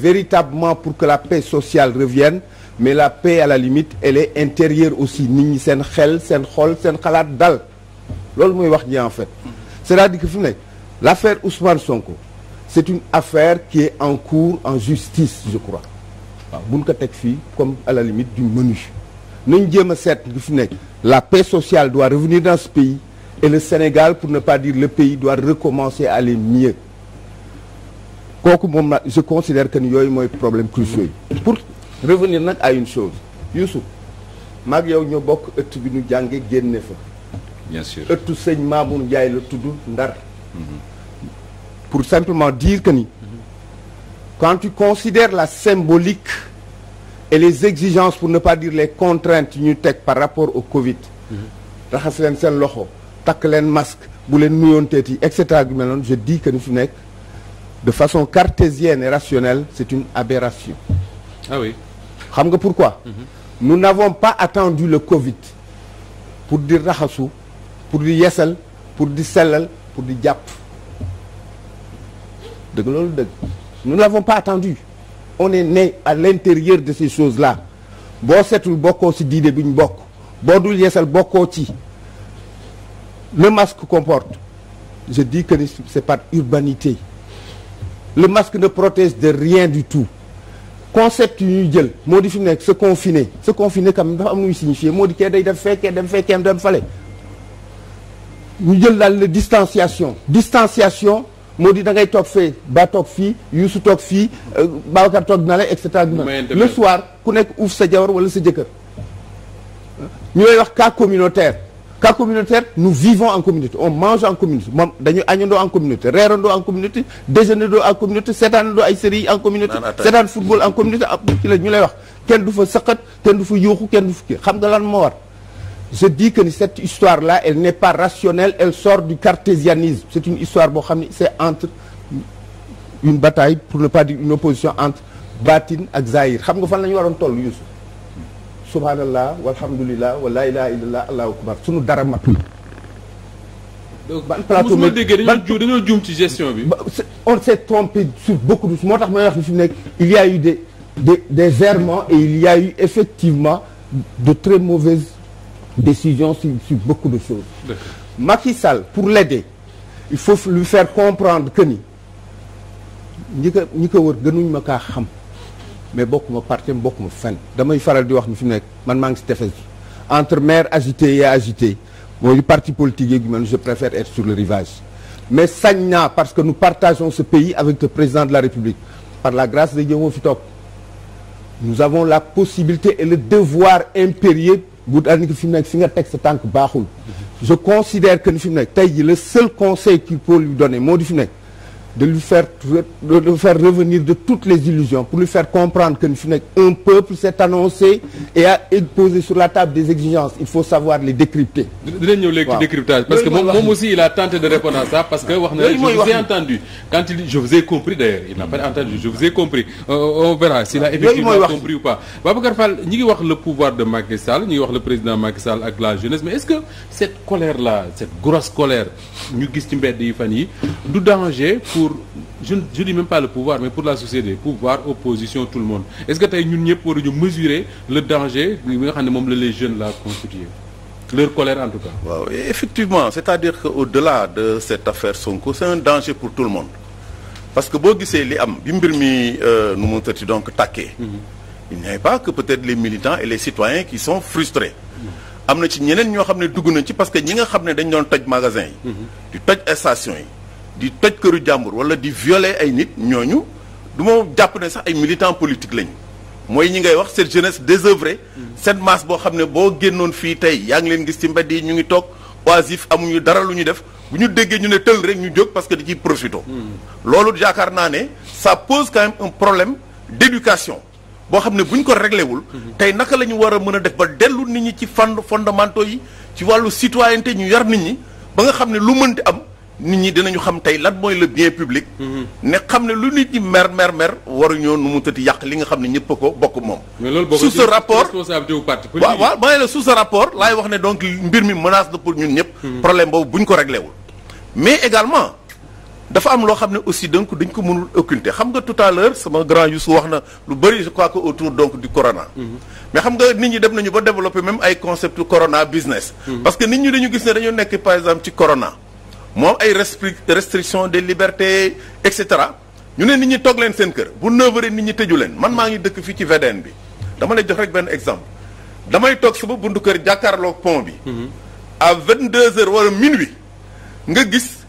véritablement pour que la paix sociale revienne mais la paix à la limite elle est intérieure aussi nit ñi seen xel seen xol seen xalaat dal loolu mooy wax ji en fait c'est-à-dire que fi mu nekk l'affaire Ousmane Sonko c'est une affaire qui est en cours en justice je crois waaw buñ ko teg fii comme à la limite du menu nañ jéem a seet gi fi nekk la paix sociale doit revenir dans ce pays et le Sénégal pour ne pas dire le pays doit recommencer à aller kooku moom na je considère que ni yooyu mooy problème cruciaux yi pour revenir nag à une chose Youssou yow ñoo bokk ëtt bi ñu jàngee génne fa bien sûr ëttu sëñ Mamour Ndiaye la tudd Ndar mhm. pour simplement dire que ni quand tu considères la symbolique et les exigences pour ne pas dire les contraintes ñu teg par rapport au Covid raxas leen seen loxo takk leen masque bu leen nuyoonteet yi et cetera gu mel noonu je que ni fi nekk de façon cartésienne et rationnelle c'est une aberration ah oui xam nga pourquoi mm -hmm. nous n'avons pas attendu le Covid pour di raxasu pour di yesal pour di sellal pour di jàpp dëgg loolu dëgg nous n'avons pas attendu on est né à l'intérieur de ces choses-là boo seetul bokkoo ci diine bi ñu bokk boo dul yeesal bokkoo ci le masque comporte je dis que c'est par urbanité le masque na protège de rien du tout concept yu ñuy jël moo di fi mu nekk se confiner se confiner quand même dafa am lu muy signifier moo di kee day def fekkee dem fekkeem dem fale ñu jël daal la distanciation distanciation moo di da ngay toog fee ba toog fii yu su toog fii euh, Babacar toog na la et cetera le soir ku nekk uuf sa jabar wala sa jëkkër ñu lay wax cas communautaire cas communautaire nous vivons en communauté on mange en communauté moom dañu añandoo en communauté reerandoo en communauté déjeunandoo en communauté seetaanandoo ay séries yi en communauté seetaan football en communauté ak ah, ci ñu lay wax kenn du fa sëqat kenn du fa yuuxu kenn du fa xam nga lan moo war je dis que ni cette histoire la elle n'est pas rationnelle elle sort du cartésianisme c'est une histoire boo xam ne c'est entre une bataille pour ne pas dire une opposition entre Batin xam nga fan la ñu waroon toll Youssou subhaanallah walhamdulilah wa laa ilaaha illallah allahu akbar sunu dara matul. donc ban plateau ma déggee dañoo juum ci gestion bi. on s'est trompé sur beaucoup de moo tax ma wax ni si nekk il y a eu des des des et il y a eu effectivement de très mauvaises décisions sur sur beaucoup de choses. Macky Sall pour l'aider il faut lui faire comprendre que ni ñi ñi ko wër gënuñ ma kaa xam. mais bokkuma parti am bokkuma fenn damay faral di wax ni fi nekk man maa ngi si tefes gi entre maire agité et agité mooy parti politique yeeg man je préfère être sur le rivage mais sañ naa parce que nous partageons ce pays avec le président de la République par la grâce de Dieu moo fi toog nous avons la possibilité et le devoir impérieux bu daal ni fi mu nekk fi nga teg sa tànk baaxul je considère que ni fi mu nekk tey ji le seul conseil qu'il peut lui donner moo di fi de lui faire de lui faire revenir de toutes les illusions pour lui faire comprendre que peuple s'est annoncé et a posé sur la table des exigences il faut savoir les décrypter. parce que je vous ai entendu quand il je vous compris d'ailleurs il n'a euh, a compris ou pas. Babacar le président Macky Sall la jeunesse mais est-ce que cette colère là cette grosse colère ñu gis ci mbedd yi danger pour je je dis même pas le pouvoir mais pour la société pouvoir opposition tout le monde est-ce que tey ñun ñëpp waruñu mesurer le danger bi nga xam ne moom la les jeune la constitué leur colère en tout cas. waaw effectivement c'est-à-dire que au-delà de cette affaire Sonko c'est un danger pour tout le monde parce que boo gisee li am bi mbir mi euh, nu mu tëti donc tàkkee. Mm-hmm. il n'y a pas que peut-être les militants et les citoyens qui sont frustrés. am na ci ñeneen ñoo xam ne dugg nañ ci parce que ñi nga xam ne dañ doon toj magasin yi. Mm-hmm. di yi. di toj këru jàmbur wala di violer ay nit ñooñu du ma jàpp ne sax ay militants politiques lañu mooy ñi ngay wax cette jeunesse désœuvrée cette masse boo xam ne boo génnoon fii tey yaa ngi leen gis ci mbedd yi ñu ngi toog oisif amuñu dara lu ñu def bu ñu déggee ñu ne tël rek ñu jóg parce que di ciy profito hmm. loolu yaakaar naa ne ça pose quand même un problème d'éducation boo xam ne bu ñu ko réglé wul. Hmm. tey naka la ñu war mën a def ba dellu nit ñi ci fànn fondamentaux yi ci wàllu citoyenneté ñu yar nit ñi ba nga xam ne lu mënti am nit ñi dinañu xam tey lan mooy le bien public. Mhm. ne xam ne lu nit ñi mer mer mer waruñoo nu mu tëdd yàq li nga xam ne ñëpp ko bokk moom. mais loolu bokk sous ce rapport waaw waaw la sous ce rapport laay wax ne donc mbir mi menace na pour ñun ñëpp. Mhm. problème boobu buñ ko réglé wul. mais également dafa am loo xam ne aussi donc dañ ko mënul occulter xam nga tout à l'heure sama grand Youssou wax na lu bëri je crois que autour donc du corona. Mhm. mais xam nga nit ñi dem nañu ba nekk par exemple ci moom ay restriction des libertés et cetera ñu ne nit ñi toog leen seen kër bu 9h nit ñi tëju leen man maa ngi dëkk fii ci VDN bi dama lay jox rek benn exemple damay toog suba buntu kër jàkkaarlook pont bi. Mhm. à deux h wala minuit nga gis.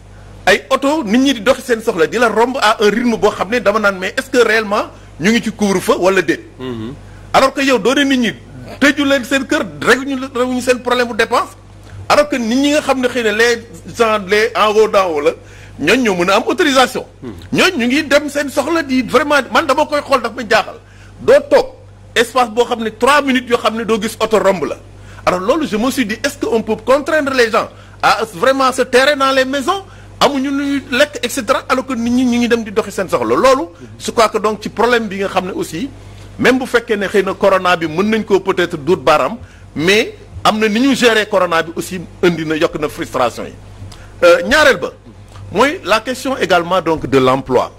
ay oto nit ñi di doxi seen soxla di la romb à un rythme boo xam ne dama naan mais est-ce que réellement ñu ngi ci couvre fa wala déet. Mhm. alors que yow doo ne nit ñi tëju leen seen kër rek ñu rek ñu seen problème bu dépense. alors que nit ñi nga xam ne xëy na les gens les en haut la ñooñ ñoo mën a am autorisation hmm. ñooñ ñu ngi dem seen soxla di vraiment man dama koy xool daf may jaaxal doo toog espace boo xam ne trois minutes yoo xam ne doo gis oto romb la alors loolu je me suis dit est que on peut contraindre les gens à vraiment se terrer dans les maisons amuñu lu lekk et cetera que nit ñi ñu ngi dem di doxi seen soxla loolu hmm. je crois que donc ci problème bi nga xam ne aussi même bu fekkee ne xëy na corona bi mën nañ koo peut-être duut baaraam mais am na ni ñu gérer corona bi aussi indi na yokk na frustration yi euh, ñaareel ba mooy la question également donc de l'emploi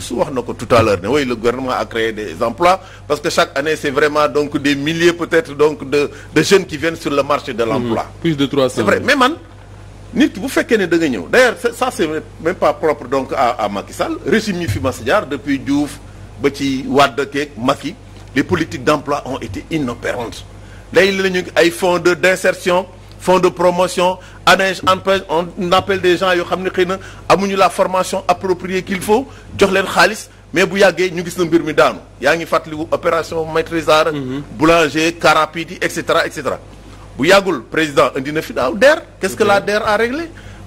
su wax na ko tout à l'heure ne le gouvernement a créé des emplois parce que chaque année c'est vraiment donc des milliers peut-être donc de de jeunes qui viennent sur le marché de l'emploi mmh, plus de 300 c'est vrai mais man nit bu fekkee ne da nga ñëw d'ailleurs ça c'est même pas propre donc à à Macky Sall régime yi fi mas jaar depuis Diouf ba ci Wade keeg Macky les politiques d'emploi ont été inopérantes day la ñu ay fonds de d'insertion fonds de promotion en ANPEJ on appelle des gens yoo xam ne xëy na amuñu la formation appropriée qu'il faut jox leen xaalis mais bu yàggee ñu gis na mbir mi daanu yaa ngi fàttaliku opération maîtrisard mhm. boulanger car rapide yi et cetera et cetera bu yàggul président indi fi daaw DER qu'est-ce que la DER a réglé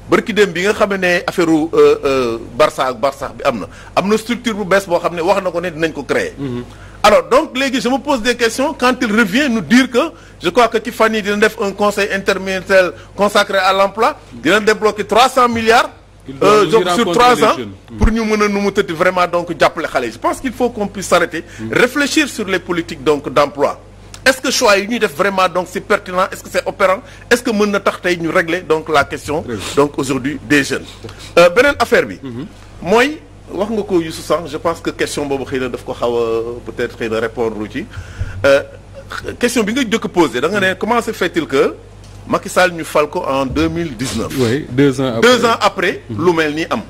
bërki dem bi nga xam ne affaire euh, euh, Barça ak Barça bi am na am na structure bu bees boo xam ne wax na ko ne dinañ ko créer mhm. alors donc léegi je me pose des questions quand il revient nous dire que je crois que ci fan dina def un conseil interministériel consacré à l'emploi dina débloquer 300 milliards Euh, donc sur hmm. pour ñu mën a nu mu tëdd vraiment donc jàppale xale yi je pense qu'il faut qu'on puisse s'arrêter mm. réfléchir sur les politiques donc d'emploi est-ce que choix yi def vraiment donc c'est pertinent est-ce que c'est opérant est-ce que na tax tey ñu régler donc la question donc aujourd'hui des jeunes euh, beneen affaire bi hmm. mooy wax nga ko Youssou sànq je pense que question boobu xëy na daf ko xaw a peut-être xëy na répondre euh, question bi nga jëkk posé da nga ne comment se fait-il que Macky ñu fal ko en deux mille dix-neuf. oui deux ans après après mhm. lu mel ni am.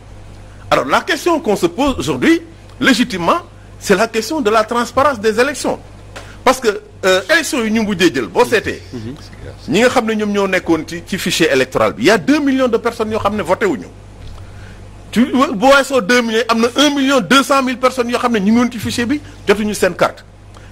alors la question qu'on se pose aujourd'hui légitimement c'est la question de la transparence des élections parce que euh, élections yi ñu mujjee jël boo seetee. Mhm. Mhm. ñi nga xam ne ñoom ñoo nekkoon ci ci fichier électoral bi. il y a deux millions de personnes yoo xam ne voté wuñu tu bu weesoo deux millions am na un million deux cent mille personnes yoo xam ne ñu ngi woon bi jotuñu seen carte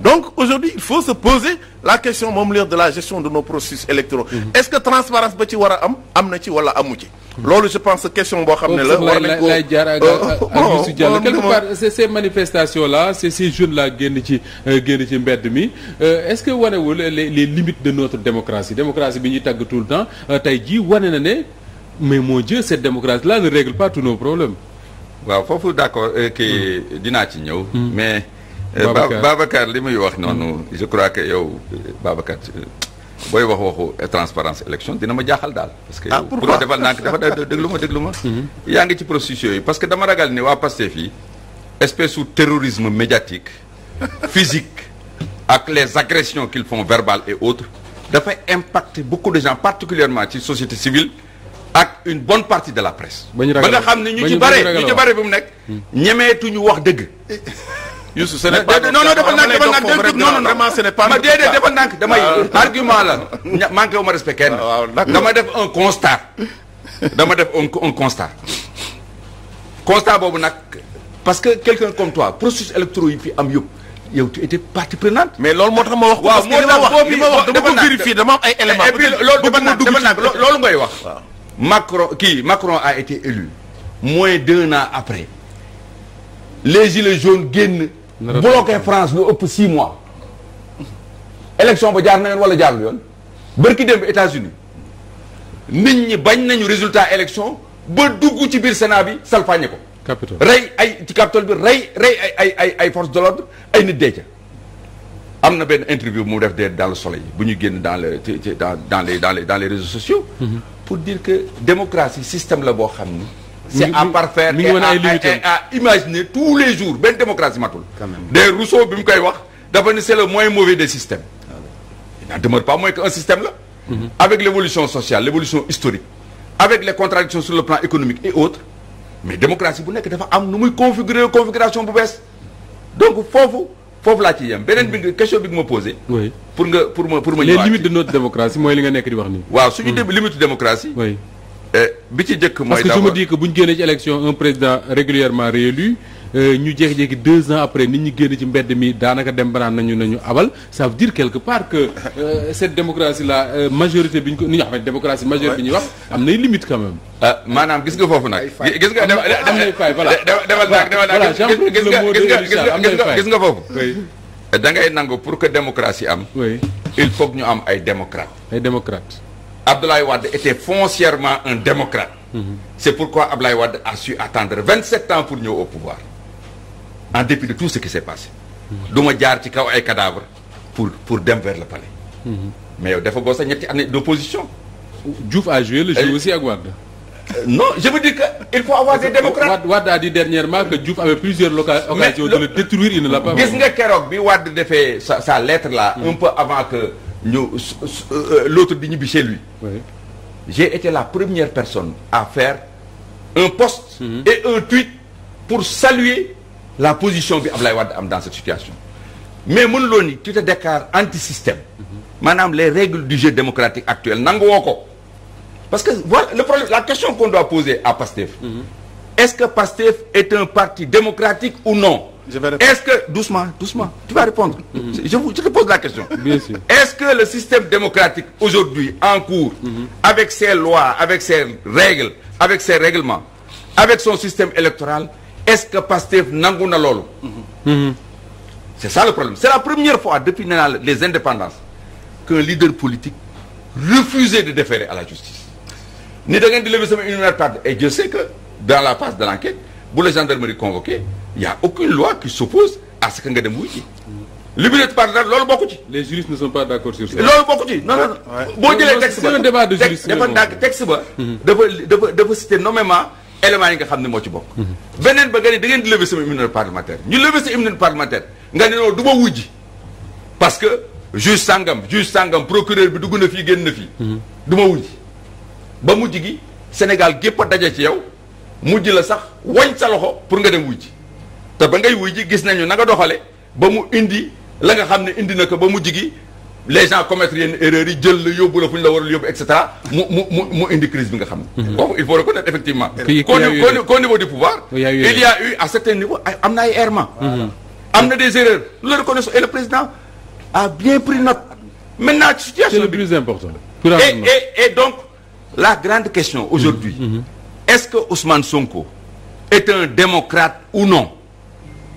donc aujourd'hui il faut se poser la question moom leer de la gestion de nos processus électoraux mm -hmm. est-ce que transparence ba ci war am am na ci wala amu ci loolu je pense question boo xam ne la war nañ ko lay jaar ak euh, Youssou Diallo quelque part ces manifestations là ces ces jeunes là euh, génn ci mbedd mi euh, est-ce que wanewul les les limites de notre démocratie démocratie bi ñuy tàgg tout le temps tey ji wane na ne mais moo Dieu cette démocratie la ne règle pas tous waaw foofu d'accord kii hmm. dinaa ci ñëw hmm. Eh, Babacar Babacar li muy wax noonu je crois que yow Babacar euh, booy wax waxu transparence élection dina ma jaaxal daal. parce que ah, pour ma defal nànk dafa déglu ma déglu ma. Mhm. yaa ngi ci processus yooyu parce que dama ragal ni waa Pastef yi espèce su terrorisme médiatique physique ak les agressions qu'ils font verbales et autres dafa impacter beaucoup de gens particulièrement ci société civile. ak une bonne partie de la presse. ba nga xam ne ñu ci bare ñu ci bare bu wax dëgg. Eh. Youssou ce n'est pas non non defal ndànk defal ndànk dégg non non vraiment ce n'est pas ma déedéet defal ndànk damay ah. argument la manqué wu ma respect kenn ah, dama def un constat dama def un constat constat boobu nag parce que quelqu'un comme toi processus électoraux yi fi am yëpp yow tu étais partie prenante. mais loolu moo tax ma wax. waaw moo tax boobu li ma wax dama ko vérifier dama am ay éléments. et puis loolu dama naan dama naan loolu ngay wax. Macron kii Macron a été élu moins d'un an après les gilets jaunes génn bloqué France lu ëpp 6 mois. élection ba jaar na yoon wala jaarul yoon. bërki dem bi États-Unis nit ñi bañ nañu résultat élection ba dugg ci biir Sénat bi salfaañe ko. Capitole rey ay ci Capitole bi rey rey ay ay ay ay forces de l'ordre ay nit dee ca. am na benn interview bu mu def dee dans le soleil bu ñu génn dans le dans dans les dans les dans réseaux sociaux. Mm-hmm. pour dire que démocratie système la boo xam ni. c'est à parfaire et à, à, à imaginer tous les jours benn démocratie matul des Rousseau bi mu koy wax dafa ni c'est le moins mauvais des systèmes il n'en demeure pas moins qu'un système là mhm. avec l'évolution sociale l'évolution historique avec les contradictions sur le plan économique et autres mais démocratie bu nekk dafa am nu muy configurer configuration bu bees donc foofu foofu laa ci yem beneen bi mhm. question bi nga ma posé. pour nga pour ma pour les limites de nekk di wax nii. waaw suñu mhm. Eh, bi ci njëkk mooy. parce que je bu ñu génnee ci élection un président régulièrement réélu euh, ñu jékki-jékki deux ans après nit ñi génn ci mbedd mi daanaka dem banaan nañu nañu abal ça veut dire quelque part que euh, cette démocratie là euh, majorité bi ñu ko ni ñu xam ne démocratie majorité bi ñuy wax am nay limite quand même. ah gis nga foofu nag. gis nga dem am nay fay voilà. demal naag demal naag gis nga nga gis nga foofu. da ngay nangu pour que démocratie am. il faut ñu am ay démocrates. ay démocrates. Abdoulaye Wade était foncièrement un démocrate. Mm C'est pourquoi Abdoulaye Wade a su attendre 27 ans pour ñëw au pouvoir en dépit de tout ce qui s'est passé. Mhm. du ma jaar ci kaw ay cadavre pour pour dem vers le palais. Mm -hmm. mais yow dafa bosse ñetti année d'opposition. Diouf a joué le jeu euh, aussi ak Wade. Euh, non je veux dire que il faut avoir des démocrates a que Diouf avait plusieurs occasions de le détruire il ne l'a pas. gis nga keroog bi Wade defee sa sa lettre mhm. avant que. ñu euh, euh, l'autre di ñibbi chez lui j'ai été la première personne à faire un post mm et un tweet pour saluer la position bi Ablaye Wade am dans cette situation mais mën loo ni tu te déclares anti-système mhm. maanaam les règles du jeu démocratique actuel nangu woo ko parce que voilà le problème la question qu'on doit poser à Pastef mm -hmm. est-ce que Pastef est un parti démocratique ou non je est-ce que doucement doucement tu vas répondre. Mhm. je je te pose la question. bien sûr est-ce que le système démocratique aujourd'hui en cours. Mhm. avec ses lois avec ses règles avec ses règlements avec son système électoral est-ce que Pastef nangu na loolu. Mhm. c'est ça le problème c'est la première fois depuis nee naa les indépendances qu'un leader politique refusait de déférer à la justice. ni da ngeen di lever sama immunité et je sais que dans la phase de l'enquête bu la gendarmerie il y a aucune loi qui s'oppose à que nga dem wuy ji. liberté loolu bokku ci. les juristes ne sont pas d'accord sur ça. loolu bokku ci non non non. boo jëlee texte ba c'est un débat de juriste. dafa ndànk texte ba. dafa dafa dafa cité nommément éléments yi nga xam ne moo ci bokk. beneen ba nga ne da ngeen di lever sama immunité parlementaire ñu lever sa immunité parlementaire nga ne noonu du ma wuy ji parce que juge sangam juge sangam procureur bi dugg na fii génn na fii. du ma ba mujj gi Sénégal gépp a daje ci yow mujj la sax wañ sa loxo pour nga dem wuy te ba ngay wuy ji gis nañu na nga doxale ba mu indi la nga xam ne indi na ko ba mu jigi les gens commettre yenn erreurs yi jël la yóbbu la fu ñu la war a yóbbu et cetera mu mu mu mu indi crise bi nga xam ne mhm. kooku il faut reconnaître effectivement qu'au niveau du pouvoir il y a eu à certains niveaux am na ay errements mhm. am na des erreurs nous le reconnaissons et le président a bien pris note maintenant situation c'est le plus important et et et donc la grande question aujourd'hui mhm. est-ce que Ousmane Sonko est un démocrate ou non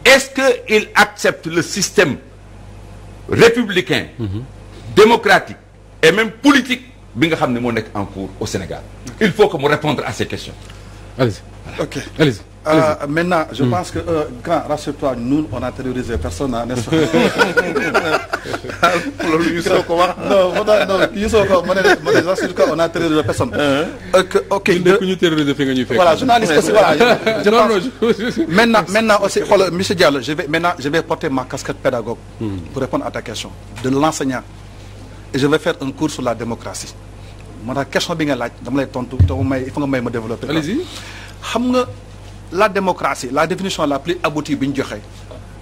est-ce qu'il accepte le système républicain mm -hmm. démocratique et même politique bi nga xam ne moo nekk en cours au Sénégal il faut que mu répondre à ces questions allez-y voilà. ok allez-y Euh, maintenant, je mm. pense euh, a terrorisé personne, n'est-ce pas loolu non non Youssou ko ma ne a terrorisé personne. ok ok ñun de journaliste je pense maintenant maintenant aussi xoolal monsieur Diallo je vais maintenant je vais porter ma casquette pédagogue. Hmm. pour répondre à ta question. de l'enseignant et je vais faire un cours sur la démocratie. moo tax question bi nga laaj dama lay tontu te mu may il faut nga may ma développer. allez-y xam nga. la démocratie la définition la plus aboutie bi ñu joxe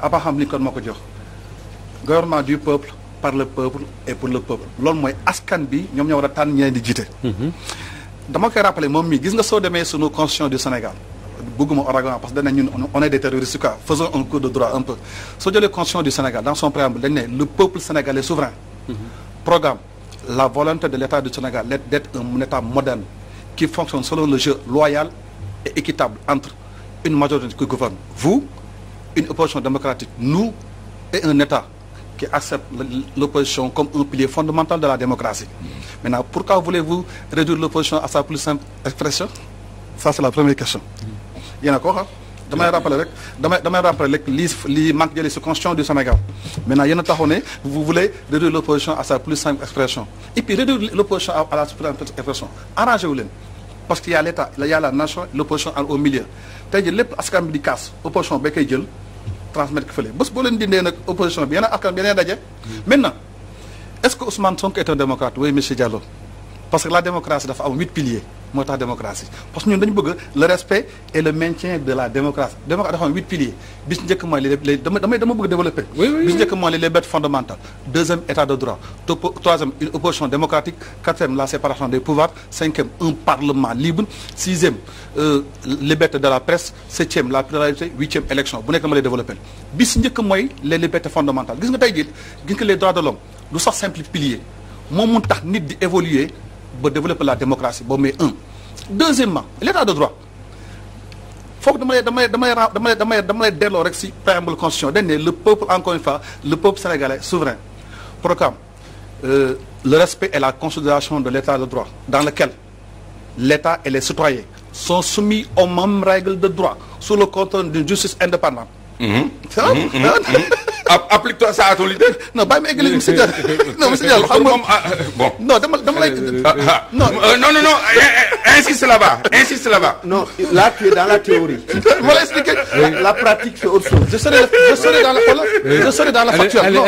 Abraham Lincoln moo ko jox gouvernement du peuple par le peuple et pour le peuple loolu mooy askan bi ñoom ñoo war a tànn ñeneen di jiite. Mhm. dama koy rappelé moom mii gis nga soo demee sunu constitution du Sénégal bëgguma Oregon parce que dañ ne ñun on est des terroristes quoi faisons un cours de droit un peu soo jëlee constitution du Sénégal dans son préambule dañ ne le peuple sénégalais souverain. Mhm. programme de l'État du Sénégal d'être un État moderne qui fonctionne entre. une majorité qui gouverne vous une opposition démocratique nous et un État qui accepte l'opposition comme un pilier fondamental de la démocratie maintenant pourquoi voulez-vous réduire l'opposition à sa plus simple expression ça c'est la première question yéen a ko xam damay rappeler rek manque jële si constitution du Sénégal maintenant yéen a vous voulez réduire l'opposition à sa plus simple expression et puis réduire l'opposition à la plus simple parce que y' a l' état y' a nation l' opposition au milieu tey jii lépp askan bi di kaas opposition ba koy jël transmettre ko fële bés boo leen dindee nag opposition bi yeneen askan bi yeneen daje. Mm. maintenant est ce que Ousmane Sonko est démocrate oui monsieur Diallo. parce que la démocratie dafa am huit piliers moo tax démocratie parce que ñun dañu bëgg le respect et le maintien de la démocratie démocratie dafa am deuxième état de droit troisième une opposition démocratique quatrième la séparation des pouvoirs cinquième un parlement libre sixième euh, liberté de la presse septième la pluralité huitième élection bu nekk dama lay développer bi ci njëkk mooy les libertés fondamentales gis nga tey jii gis nit di évoluer ba développer la démocratie boo mooy un. deuxièmement l'état de droit foog dama lay damay damay damay damay damay delloo rek ci préambule constitution de ne le peuple encore une fois le peuple sénégalais souverain proclame euh, le respect et la considération de l'état de droit dans lequel l'état et les citoyens sont soumis aux mêmes règles de droit sous le contrôle d'une justice indépendante ah ah applique-toi ça à ton leader. non bàyyi ma eggali monsieur Diallo non monsieur Diallo xam nga ah, euh, bon. non dama dama lay. Euh, ah, ah. Euh, non non non insiste là-bas insiste là-bas. non là tu es dans la théorie. ma lay expliquer la pratique c'est autre chose. je serai je serai dans la xoolal je serai dans la facture non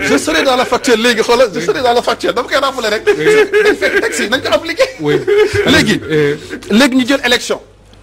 je serai dans la facture léegi xoolal je serai dans la facture dama koy rafetlu rek. dañ fekk taxi nañ ko appliqué. léegi léegi ñu jël élection.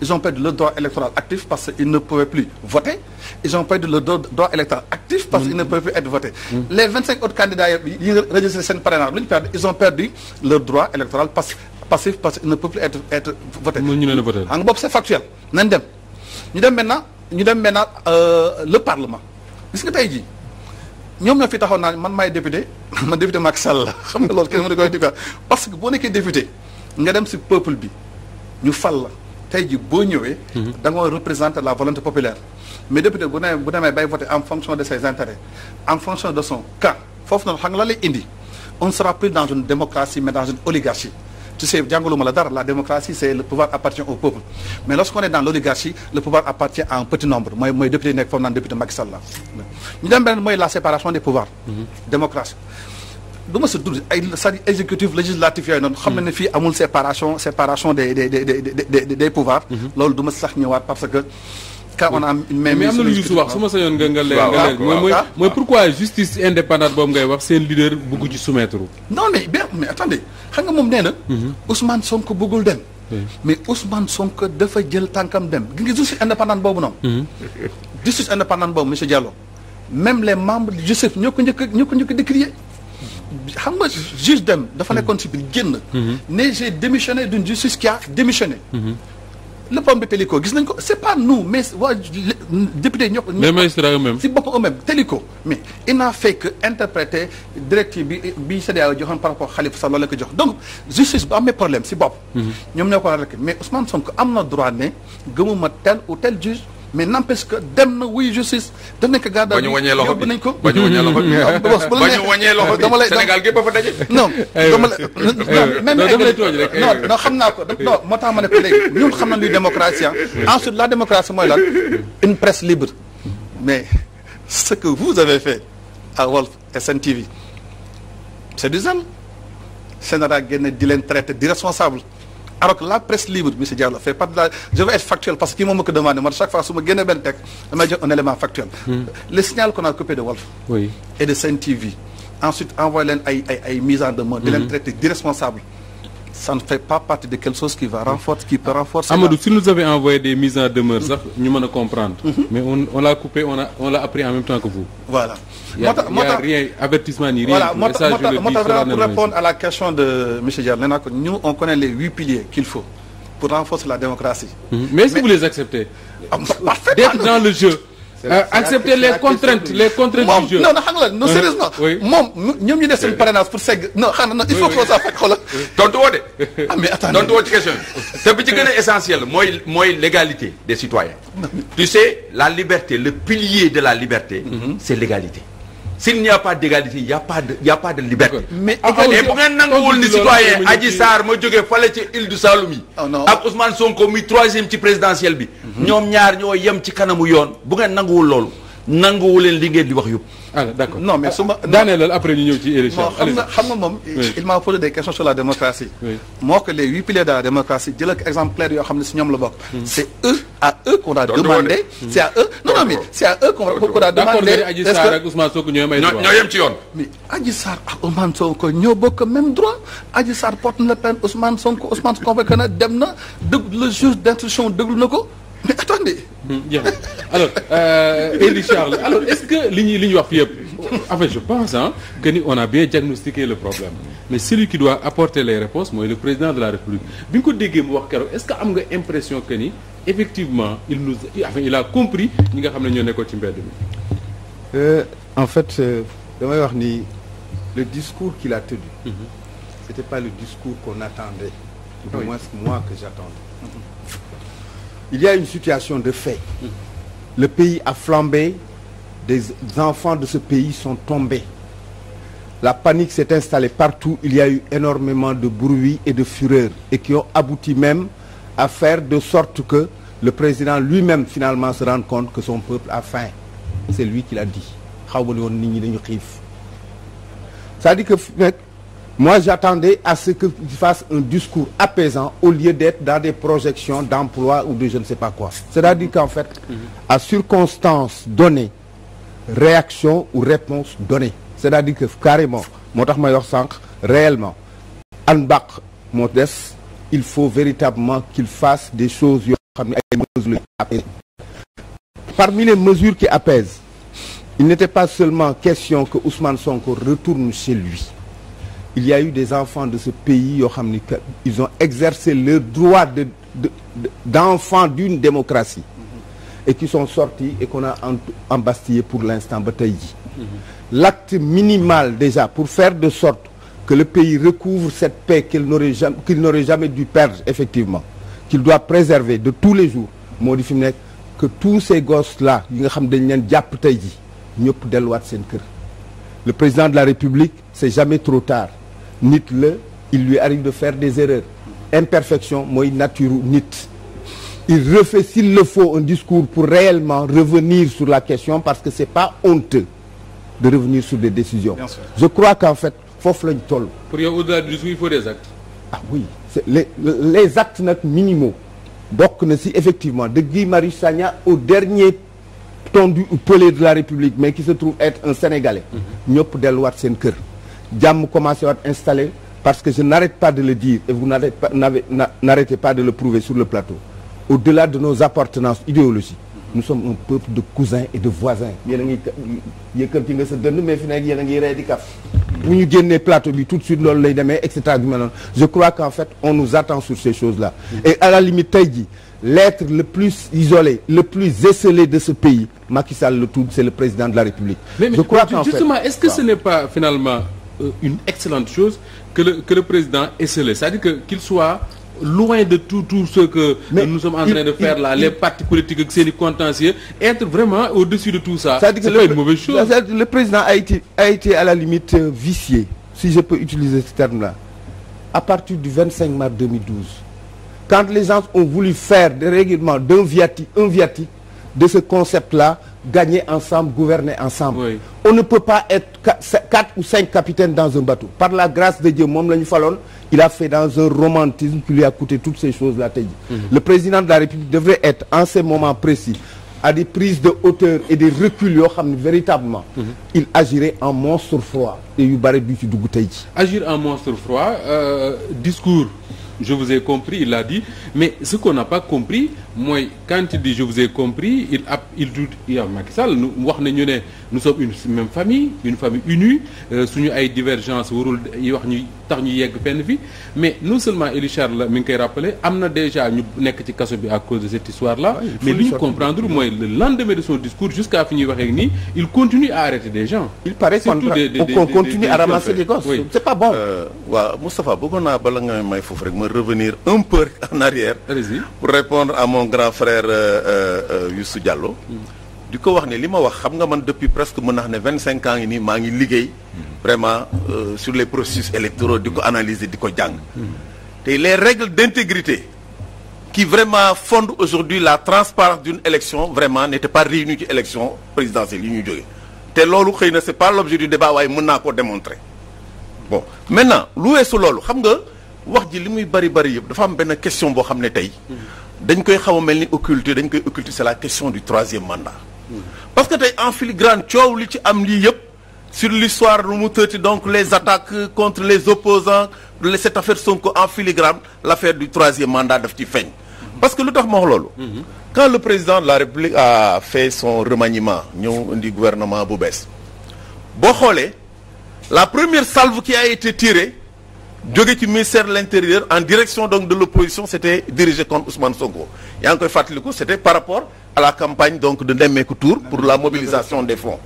ils ont perdu le droit électoral actif parce qu'ils ne pouvaient plus voter. Ils ont perdu le droit électoral actif parce qu'ils ne pouvaient plus être votés. Les 25 autres candidats registrés ils ont perdu le droit électoral passif parce qu'ils ne peuvent plus être, être votés. c'est factuel. Nous sommes maintenant, nous euh, sommes le Parlement. Qu'est-ce que tu as dit ñoom ñoo fi taxaw naa man maay député man député Macky Sall la xam nga loolu kenn mën na koy parce que boo nekkee député nga dem si peuple bi la tey ji boo ñëwee mhm. da nga représenter la volonté populaire mais député bu ne bu demee bay voter en fonction de ses intérêts en fonction de son cas foofu noonu xam nga indi on sera plus dans une démocratie mais dans une oligarchie tu sais jàngaluma la dara la démocratie c'est le pouvoir appartient au peuple mais lorsqu'on est dans l'oligarchie le pouvoir appartient à un petit nombre mooy député nekk foofu naan député Macky Sall la ñu dem beneen mooy du ma si dund ay c'est-à-dire exécutif législatif yooyu noonu. xam na ne fii amul séparation séparation des des des pouvoirs. Mhm. loolu du ma si sax ñëwaat parce que. quand on a une même mais am na lu Youssou wax su ma sañoon yoon nga leer nga leer mooy mooy pourquoi justice indépendante boobu ngay wax seen leader bëggu ci soumettre. non mais bien mais attendez xam nga moom nee na. Mhm. Ousmane Sonko bëggul dem. mais Ousmane Sonko dafa jël tànkam dem gi nga justice indépendante boobu noonu. Mhm. justice indépendante boobu monsieur Diallo même les membres du Justef ñoo ko njëkk xam nga juge dem dafa nekkoon si biir génn. ne j'ai démissionné d'une justice qui a le problème de Téliko gis nañ ko c'est pas nous mais waa député ñoo ko. les magistrats si boppam eux-mêmes Téliko mais il fait que interpréter directive bi bi CEDEAO joxoon par rapport Khalifa Sall loolu la ko jox donc justice bu amee problème si bopp. ñoom ñoo ko war a mais Ousmane Sonko am na droit ne gëmuma tel ou tel juge. mais n'empêche que dem na wuy justice danañ ko gàddaa. ba ñu wàññee loxo nañ ko. ba ñu wàññee loxo bi ba ñu wàññee Sénégal gépp a fa daje. non dama la non même non non xam naa ko non moo tax xam na luy démocratie ah. la démocratie mooy lan une presse libre mais ce que vous avez fait à Walf SNTV c'est du zèle. Sénégal génne di leen traité alors que la presse libre monsieur Diallo fait pas de la je vais être factuel parce que kii moom ma ko chaque fois su ma génnee benn teg damay jox un élément factuel. Hmm. le signal qu'on a coupé de Walf. et de Sen TV ensuite envoyé leen ay mise en demeure. di leen hmm. traité d'irresponsable. ça ne fait pas partie de quelque chose qui va renforcer qui peut renforcer. Amadou si nous avez envoyé des mises en demeure sax ñu mën a comprendre. Mhm. mais on on l'a coupé on a on l'a appris en même temps que vous. voilà moo tax moo tax y a rien avertissement ni rien. moo tax moo tax vraiment pour répondre à la question de monsieur Diar nee naa ko ñu on connaît les huit piliers qu'il faut pour renforcer la démocratie. Mhm. mais est-ce que vous les acceptez. Ah, d'être dans le jeu. accepter les contraintes les contraintes du jeu non non xam nga non sérieusement ñu pour segg non xam na il faut que ça fekk xoolal tontu woo de ah mais attends tontu woo ci question bi te essentiel mooy mooy l'égalité des citoyens tu sais la liberté le pilier de la liberté mhm. c'est l'égalité si n'y a pas d'égalité y a pas de y a pas de liberté. mais ah, égalité bu ngeen nanguwul ni citoyen Adji Sarr ma jógee fale ci Île du Saloum yi. Oh, ak Ousmane Sonko muy troisième ci présidentielle bi. Mhm. ñoom ñaar ñoo yem ci kanamu yoon bu ngeen nanguwul loolu nanguwu leen li ngeen di wax yëpp. ah non mais su ah, après ñu ñëw ci élection. nga sur la démocratie. oui les huit piliers de la démocratie jël ak exemplaire yoo xam si ñoom la bokk. Hmm. c'est eux à eux qu'on a demandé. c'est à eux non non mais c'est à eux qu'on a demandé. est-ce que Adji mais Adji Sarr ak Ousmane Sonko ñoo bokk même droit Adji Sarr porte na la peine Ousmane na ko. mais attendez. Hmm, jeex na alors euh, Elie Charles alors est-ce que li ñuy li ñuy wax fi yëpp en fait je pense ah que ni on a bien diagnostiqué le problème mais celui qui doit apporter les réponses mooy le président de la République bi nga ko déggee mu wax keroog est-ce que am nga impression que ni effectivement il nous enfin il a compris ñi nga xam ne ñoo nekkoon ci mbedd mi. Euh, en fait euh, damay wax ni le discours qu'il a tenu. Mhm. c'était pas le discours qu'on attendait. du moins moi que j'attendais. Mhm. il y a une situation de fait. Le pays a flambé, des enfants de ce pays sont tombés. La panique s'est installée partout, il y a eu énormément de bruit et de fureur et qui ont abouti même à faire de sorte que le président lui-même finalement se rende compte que son peuple a faim. C'est lui qui l'a dit. xaw ma ne woon nit ñi dañu xiif. C'est-à-dire que Moi, j'attendais à ce qu'ils fassent un discours apaisant au lieu d'être dans des projections d'emploi ou de je ne sais pas quoi. C'est-à-dire mm-hmm. qu'en fait, mm-hmm. à circonstance donnée, réaction ou réponse donnée. C'est-à-dire que carrément, moo tax may wax sànq réellement an baq moo des il faut véritablement qu'il fasse des choses xam ne ay mesures qui apaisent. Parmi les mesures qui apaisent, il n'était pas seulement question que Ousmane Sonko retourne chez lui. il y a eu des enfants de ce pays yoo xam ni ils ont exercé leur droit de de d'enfant d'une démocratie mm-hmm. et qui sont sortis et qu'on a embastillé pour l'instant ba tey ji mm-hmm. l'acte minimal déjà pour faire de sorte que le pays recouvre cette paix qu'il n'aurait jamais qu'il n'aurait jamais dû perdre effectivement qu'il doit préserver de tous les jours moo di fi mu nekk que tous ces gosses là yi nga xam dañ leen jàpp tey ji ñëpp delluwaat seen kër le président de la République c'est jamais trop tard nit la il lui arrive de faire des erreurs imperfection mooy nature nit il refait s'il le faut un discours pour réellement revenir sur la question parce que c'est pas honteux de revenir sur des décisions je crois qu'en fait foofu lañ toll pour yow au-delà du discours il faut des actes ah les les actes nag minimaux bokk na si effectivement de Guy Marius Sagna au dernier tendu ou pelé de la République mais qui se trouve être un Sénégalais mm-hmm. ñëpp delluwaat seen kër jàmm commencé waat installé parce que je n'arrête pas de le dire et vous n'arrêtez pas, de le prouver sur le plateau au-delà de nos appartenances idéologiques nous sommes un peuple de cousins et de voisins yéen a ngi nga sa dënd mais fi nekk yéen a ngi ree di kaf plateau tout de suite loolu lay demee et cetera bi mel noonu je crois qu'en fait on nous attend sur ces choses-là et à la limite tey jii l'être le plus isolé le plus esseulé de ce pays Macky Sall le tout c'est le président de la République je crois finalement Euh, une excellente chose que le que le président ait cela c'est-à-dire que qu'il soit loin de tout tout ce que euh, mais nous sommes en train il, de faire il, là il, les partis politiques ak seen i contentieux être vraiment au-dessus de tout ça c'est pas une mauvaise chose le président a été a été à la limite euh, vicié si je peux utiliser ce terme-là à partir du 25 mars 2012 quand les gens ont voulu faire des règlements d'un viatique un viatique de ce concept-là gagner ensemble, gouverner ensemble. Oui. On ne peut pas être quatre ou cinq capitaines dans un bateau. Par la grâce de Dieu, moom la ñu faloon il a fait dans un romantisme qui lui a coûté toutes ces choses-là tey mm-hmm. Le président de la République devrait être en ces moments précis à des prises de hauteur et des reculs yoo xam ne véritablement. Mm -hmm. il agirait en monstre froid. te yu bëri du ci dugg tey jii. agir en monstre froid euh, discours. je vous ai compris il l'a dit mais ce qu'on n'a pas compris mooy quand il dit je vous ai compris il a il dit ah, Macky Sall wax nañu ne nous sommes une même famille une famille unie euh, suñu ay divergence warul yi wax ñu tax ñu yegg fenn fi mais non seulement Elie la mi ngi koy rappelé am na déjà ñu nekk ci kaso bi à cause de cette histoire là oui, mais li ñu comprendre mooy le lendemain de son discours jusqu'à fi ñuy waxee nii il continue à arrêter des gens il paraît qu'on à ramasser des c'est pas bon waaw euh, Moustapha bala nga may foofu rek ma revenir un peu en arrière pour répondre à mon grand frère euh, Youssou di ko wax ne li ma wax xam nga man depuis presque mën naa ne vingt cinq ans yi nii maa ngi liggéey vraiment euh, sur les processus électoraux di ko analyser di ko jàng te les règles d'intégrité qui vraiment fondent aujourd'hui la transparence d'une élection vraiment n'était pas réunie ci élection présidentielle yi ñu jógee te loolu xëy na c'est pas l'objet du débat waaye mën naa ko démontrer bon maintenant lu weesu loolu xam nga wax ji li muy bari bari yëpp dafa am benn question boo xam ne tey dañ koy xaw a mel ni occulté dañ koy occulté la question du troisième mandat parce que tey en filigrane coow li ci am lii yëpp sur l'histoire nu mu tëti donc les attaques contre les opposants cette affaire Sonko en filigrane l'affaire du troisième mandat daf ci feeñ parce que lu tax ma wax loolu quand le président de la République a fait son remaniement ñëw indi gouvernement bu bees boo xoolee la première salve qui a été tirée jóge ci ministère de l'intérieur en direction donc de l'opposition c'était dirigé contre Ousmane Sonko yaa ngi koy fàttaliku c'était par rapport à la campagne de Nemmeeku Tour pour la mobilisation des fonds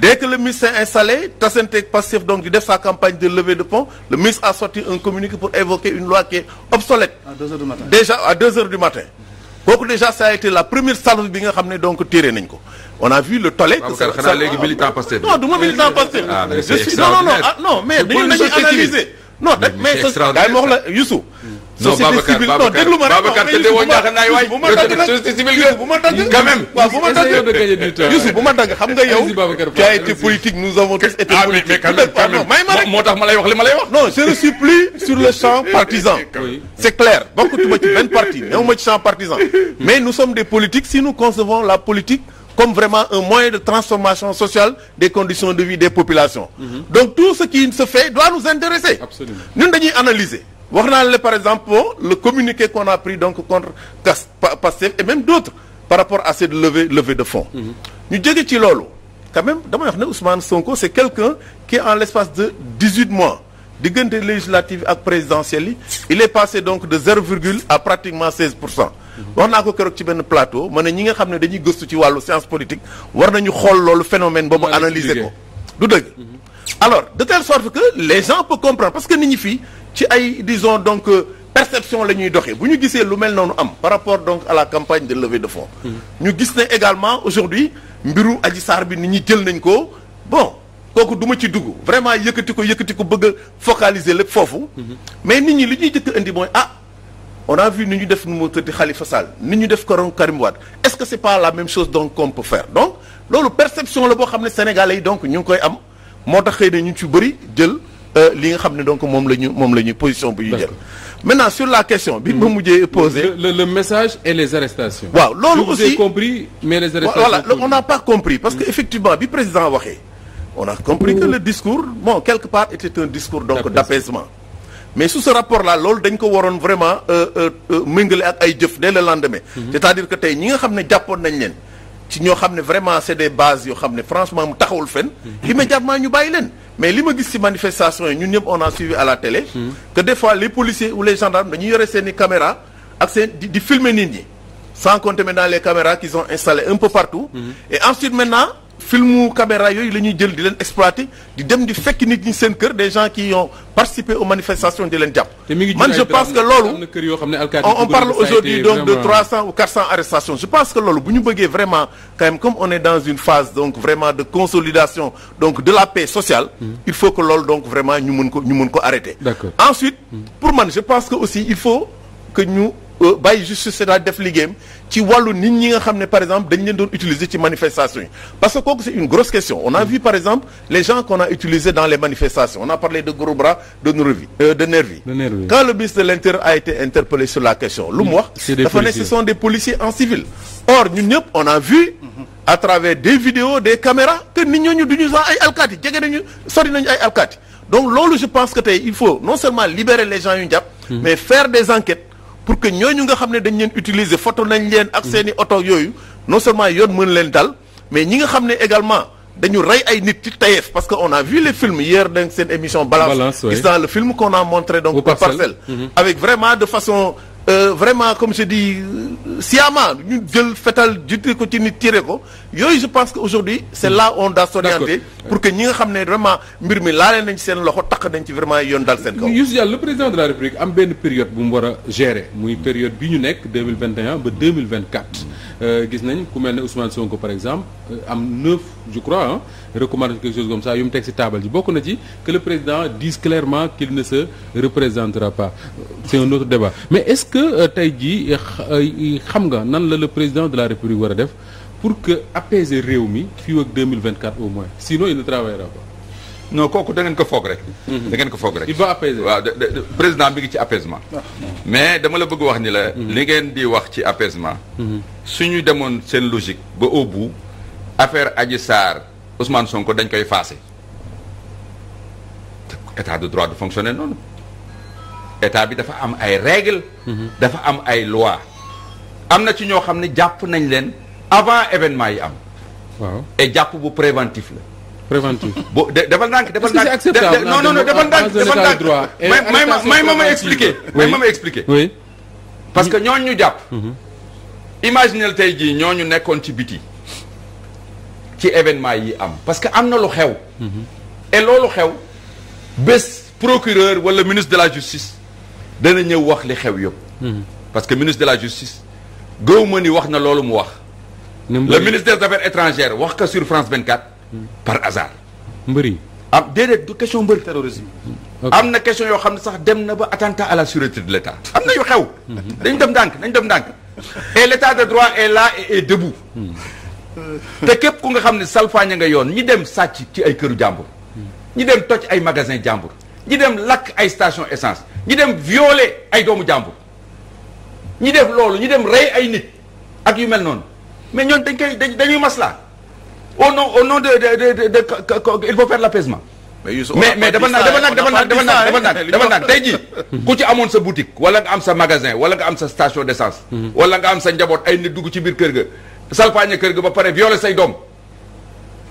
dès que le ministre s'est installé tasanteeg Pastef donc di def sa campagne de levée de fonds le ministre a sorti un communiqué pour évoquer une loi qui est obsolète déjà à deux heures du matin kooku déjà ça a été la première salve bi xam ne donc tiré a vu le tollé. que ça ah, xanaa non da mais daay bu ma dagg nag nga bu ma dagg. quand même waaw bu ma dagg Youssou bu ma été politique nous avons tous été politique. Ah, mais je ne suis sur le champ partisan. c'est clair bokkutuma ci benn parti néew ma ci champ partisan. mais nous sommes des politiques si nous concevons la politique. comme vraiment un moyen de transformation sociale des conditions de vie des populations. Mm -hmm. Donc tout ce qui se fait doit nous intéresser. Absolument. Ñun analyser. Wax naa la par exemple le communiqué qu'on a pris donc contre Pastef et même d'autres par rapport à cette levée levée de fonds. Mhm. ñu jóge ci loolu quand même dama wax ne Ousmane Sonko c'est quelqu'un qui en l'espace de 18 mois diggante législative ak présidentielle yi il est passé donc de zéro virgule à pratiquement pour cent wax naa ko keroog ci benn plateau ma ne ñi nga xam ne dañuy gëstu ci wàllu science politique war nañu xool loolu phénomène boobu analyser ko du dëgg alors de telle sorte que les gens peuvent comprendre parce que ni ñi fii ci ay disons donc euh, perception la ñuy doxee bu ñu gisee lu mel noonu am par rapport donc à la campagne de levée de fonds hmm. ñu gis ne également aujourd'hui mbiru Adji Sarr bi nit ñi jël nañ ko bon kooku du ma ci dugg vraiment yëkkati ko yëkkati ko bëgg a focaliser foofu. mais nit ñi li ñuy jëkk indi mooy ah. on a vu ni ñu def nu mu tëddi Khalifa Sall ni ñu def ko Karim Wade est-ce que c'est pas la même chose donc qu'on peut faire donc loolu perception la boo xam ne sénégalais yi donc ñu ngi koy am moo tax xëy na ñu ci bëri jël euh, li nga xam ne donc moom la ñu moom la ñu position bu ñu jël. maintenant sur la question. bi ma hmm. mujjee posé le le message et les arrestations. waaw que hmm. effectivement bi président waxee. on a compris que le discours bon quelque part était un discours donc d'apaisement mais sous ce rapport là loolu dañ ko waroon vraiment euh, euh, euh, méngale ak ay jëf dès le lendemain mhm. c'est-à-dire que tey ñi nga xam ne jàppoon nañ leen ci ñoo xam ne vraiment c'est des bases yoo xam ne franchement mu taxawul fenn mhm. immédiatement ñu bàyyi leen mais li ma gis ci manifestation yi ñu ñëpp on a suivi à la télé mhm. que des fois les policiers ou les gendarmes dañuy yore seen i caméra ak seen di di filmer nit ñi sans filmu caméra yooyu la ñuy jël di leen exploiter di dem di fekk nit ñi seen kër des gens qui ont participé aux manifestations di leen jàpp. man je pense que loolu on parle aujourd'hui donc de 300 ou 400 arrestations je pense que loolu bu ñu bëggee vraiment comme on est dans une phase de consolidation de la paix sociale. Hmm. il faut que loolu donc vraiment ñu mën ko arrêter. ensuite hmm. pour man je pense que aussi il faut que ñu. Euh, bàyyi justice daal def liggéeyam ci wàllu nit ñi nga xam ne par exemple dañ leen doon utiliser ci manifestation yi parce que kooku c'est une grosse question on a hmm. vu par exemple les gens qu'on a utilisés dans les manifestations on a parlé de gros bras de nervi euh, de nervi quand le ministre de l'Intérieur a sur la question lu mu hmm. wax dafa ce sont des policiers en civil or ñun ñëpp on a vu hmm. à travers des vidéos des caméras que nit ñooñu duñu sax ay alkaati jege nañu donc loolu que tey il faut non seulement libérer les gens pour que ñooñu nga xam ne dañ leen utiliser photo nañ leen ak seen i yooyu non seulement yoon mën leen dal mais ñi nga xam ne également dañu rey ay nit ci tayeef parce que on a vu les films hier dans seen émission balance gis le film qu'on a montré donc Parcelles mm-hmm. avec vraiment de façon Euh, vraiment comme je dis sciemment ñu jël fetal juti ko ci nit tiré ko yooyu je pense que aujourd'hui c'est là on doit s'orienter pour que ñi nga xam ne vraiment mbir mi laale nañ seen loxo takk nañ ci vraiment yoon dal seen kaw Youssou Diallo le président de la République am benn période bu mu war a gérer muy période bi ñu nekk 2021 ba 2024 euh, gis nañ ku mel ne Ousmane Sonko par exemple euh, am neuf je crois recommandé comme ça yu mu teg ci taabal ji bokk na ci que le président dise clairement qu'il ne se représentera pas c'est un que euh, tey jii euh, euh, xam nga nan la la président de la république war a def pour que apaiser réew mi fii ak 2024 au moins sinon il ne travaillera pas. non kooku da ngeen ko foog rek. Mhm. da ngeen ko foog rek. il va apaiser waaw président bi ngi ci apaisement. Ah. mais dama la bëgg wax ni la. Mhm. li ngeen di wax ci apaisement. Mhm. suñu demoon seen logique ba au bout affaire Adji Sarr Ousmane Sonko dañ koy faase état de droit du fonctionner noonu. état bi dafa am ay règles. dafa am ay lois. am na ci ñoo xam ne jàpp nañ leen avant événement yi am. waaw et jàpp bu préventif la. préventif bo defal ndànk defal ndànk. est-ce que c'est acceptable non non non defal ndànk defal ndànk may ma may ma ma may ma ma expliquer. oui parce que ñooñu ñu jàpp. Mm-hmm. imaginel tey jii ñooñu nekkoon ci biti ci événement yi am parce que am na lu xew. Mm-hmm. et loolu xew bés procureur wala ministre de la justice. dana ñëw wax li xew yëpp. Mhm. parce que ministre de la justice gëw ma ni wax na loolu mu wax. la ministre des affaires étrangères wax ko sur France 24. Mhm. par hasard. mbëri am déedéet du question mbër terrorisme. am na question yoo xam ne sax dem na ba attentat à la sûreté de l' am na yu xew. dañ mhm. dem ndànk dañ dem ndànk. et l' état de droit est là et est te képp ku nga xam ne ña nga yoon ñi dem sàcc ci ay këru jàmbur. ñi dem toj ay magasin jàmbur. ñi dem lakk ay station essence. ñi dem violer ay doomu jàmbur ñi def loolu ñi dem rey ay nit ak yu mel noonu mais ñoon dañ koy dañuy maslaa au nom au nom de de de de il faut faire l'apaisement mais mais dafa naag dafa naag dafa naag dafa naag dafa naag dafa naag tey jii ku ci amoon sa boutique wala nga am sa magasin wala nga am sa station d'essence mhm. wala nga am sa njaboot ay nit dugg ci biir kër ga salfaañe kër gi ba pare violer say doom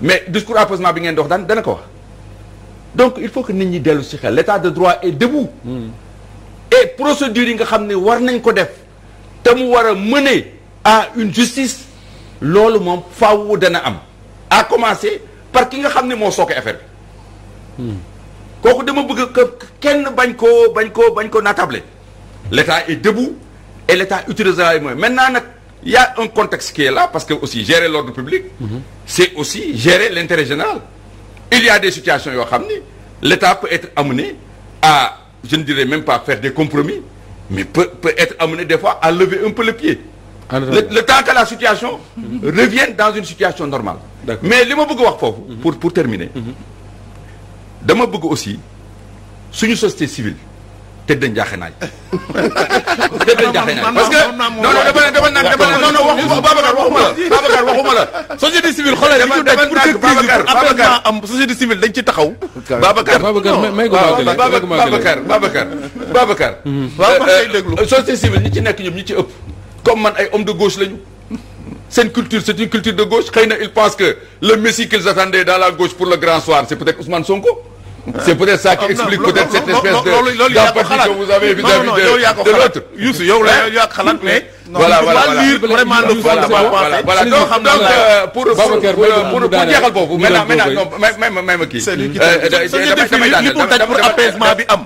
mais discours apaisement bi ngeen dox daan dana ko wax donc faut que nit ñi dellu si xel l'état de droit est debout mm. et procédures yi nga xam ne war nañ ko def te mu war a mener à une justice loolu moom faaw dana am à commencer par ki nga xam ne moo soo ko bi hmm. kooku dama bëgg que kenn bañ koo bañ koo bañ ko natable l'état est debout et l'état utilisera les moyens maintenant nag y a un contexte qui est là parce que aussi gérer l'ordre public mm c'est aussi gérer l'intérêt général il y a des situations yoo xam ni l'état peut être amené je ne dirais même pas faire des compromis, mais peut, être amené des fois à lever un peu le pied. Alors, le, le temps que la situation revienne dans une situation normale. mais li ma bëgg wax foofu. pour pour terminer. Mhm. dama bëgg aussi suñu société civile. tëdd njaaxinaay. tëdd njaaxinaay parce que non non dama waxuma la société civile xoolal dañ ci taxaw. Babacar Babacar may ko Babacar Babacar mhm. euh, euh, société civile ñi ci nekk ñoom ñi ci ëpp. comme man ay homme de gauche lañu. seen c'est une culture de gauche xëy na ils pensent que le messie qu'ils attendaient dans la gauche pour le grand soir c'est peut-être Ousmane Sonko. c'est peut-être ça qui ah, explique peut-être cette espèce de d'empathie que vous avez vis-à-vis de l'autre Youssou yow la yaa ko xalaat mais voilà voilà vraiment le fond de ma pensée donc euh, pour pour pour jeexal foofu maintenant maintenant même même kii euh, euh, li pour daj pour apaisement bi am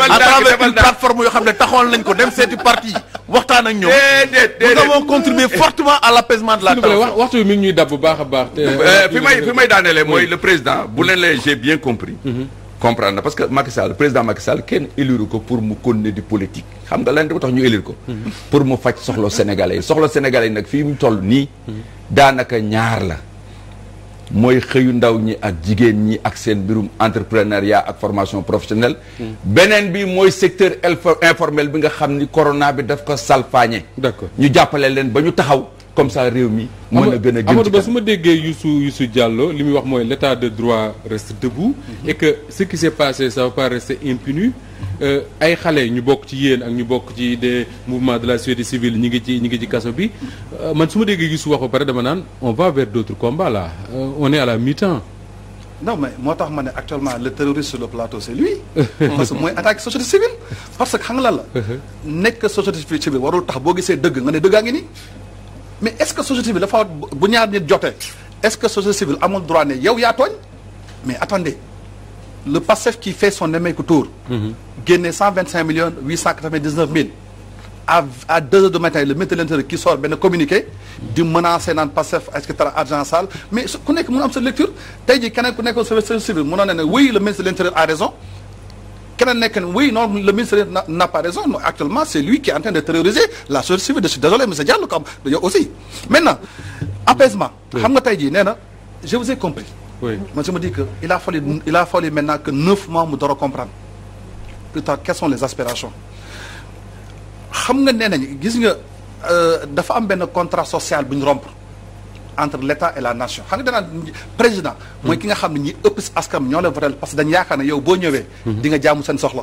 à travers une plateforme yoo xam ne taxoon nañ ko dem seeti parti yi waxtaan ak ñoom nous avons contribué fortement à l'apaisement de la tension waxtu bi mi ngi ñuy dab bu baax a baax fi may fi may daaneele mooy le président bu leen lee j'ai bien compris comprendre parce que Macky Sall président Macky Sall kenn éliru ko pour mu continuer di politique xam nga lan moo tax ñu élire ko. Mhm. pour mu faj soxla sénégalais yi soxla sénégalais yi nag fii mu toll nii. Mhm. daanaka ñaar la. mooy xëyu ndaw ñi ak jigéen ñi ak seen mbirum entrepreneuriat ak formation professionnelle. Mhm. beneen bi mooy secteur informel bi nga xam ni corona bi daf ko salfaañe. d'accord ñu jàppale leen ba ñu taxaw. comme ça réew mi mën a gën a jëm ci su ma déggee Youssou Youssou Diallo li muy wax mooy l'état de droit reste debout mhm. et que ce qui s'est passé ça va pas rester impuni euh, ay xale ñu bokk ci yéen ak ñu bokk ci des mouvements de la société civile ñu ngi ci ñi ngi ci kaso bi euh, man su ma déggee Youssou wax ba pare dama naan on va vers d'autres combats là euh, on est à la mi-temps moo tax ma ne actuellement le terroriste sur le plateau c'est lui parce que mooy attaque société civile parce que xam nga lan tax boo gisee dëgg nga ne dëggaa ngi nii mais est-ce que société civile dafa bu ñaar nit jotee est-ce que société civile amul droit ne yow yaa tooñ mais attendez le PASTEF qui fait son nemmeeku tour. Mhm. génne cent vingt cinq deux heures du matin le ministre de l'Intérieur qui sort benn communiqué. di menacer naan PASTEF argent sale mais ku nekk mën am sa lecture tey jii keneen ku nekk société civile mënoon na ne le ministre l'Intérieur a raison. keneen ne oui n'a pas raison non, actuellement c'est lui qui est en train de terroriser la société civile je suis désolé monsieur Diallo comme yow aussi maintenant apaisement xam nga tey jii nee na je vous ai compris oui moi je me dis que il a fallu il a fallu maintenant que neuf mois mu door a comprendre plus tard quelles sont les aspirations xam nga nee nañ gis nga euh, dafa am benn contrat social bu ñu rompre entre l'État et la nation xam nga danaan président nga xam ne ñi ëpp si ñoo la votel parce que dañ boo ñëwee mhm. di nga jaamu seen soxla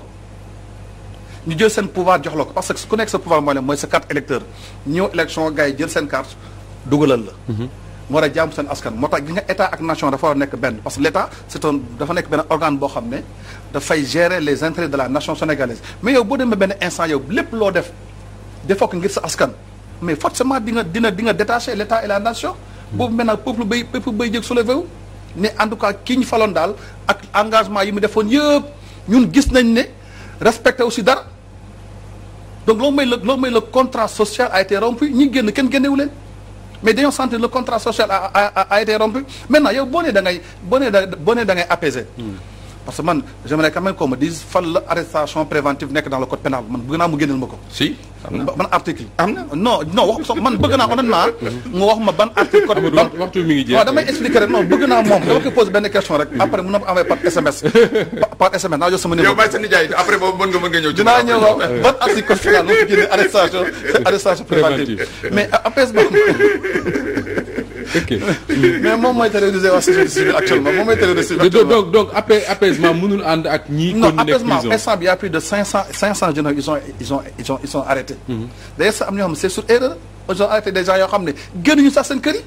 ñu jël seen pouvoir jox la ko ku nekk sa pouvoir mooy la mooy sa carte jël seen carte dugalal la mhm. a jaamu seen askan moo tax gi nga état nation dafa war a nekk benn que l' état c' est un dafa nekk benn xam ne dafay gérer les intérêts de la nation sénégalaise mais yow boo demee benn instant yow lépp loo def defoo ko ngir sa askan mais forcément di nga dina di nga détacher l' état et la nation boobu maintenant peuple bay peuple bay jëg soulevé wu ne en tout cas kii ñu faloon daal ak engagement yi mu defoon yëpp ñun gis nañ ne respecté aussi dara donc loolu mooy la loolu mooy le contrat social a été rompu ñi génn kenn génnewu leen mais dañoo sentir le contrat social a a a, a été rompu maintenant yow boo nee da ngay boo boo nee da ngay apaiser. Hmm. parce que man j'aimerais quand même qu'on me dise fan la arrestation préventive nekk dans le code pénal man bëgg naa mu génneel ma ko. si. ban article am na non non wax man bëgg naa honnêtement mu wax ma ban article code bi waxtu mi ngi jeex waaw bëgg naa moom dama koy pose benn question rek après mën na envoyé par SMS par SMS naa jox sama numéro yow bàyyi sa nijaay après boobu mën nga mën nga ñëw dinaa ñëw waaw ban article code final moo fi génne arrestation arrestation préventive mais ok mais moom mooy terrorisé waa société civile actuellement moom mooy terrorisé. donc donc apaisement mënul ànd ak ñii. non apaisement instant bi y' a plus de cinq cent cinq cent jeunes ils sont ils sont ils sont ils sont arrêtés. Mhm. d'ailleurs sax am na ñoo xam ne c'est sur erreur ils ont arrêté des gens yoo xam ne génnuñu sax seen kër yi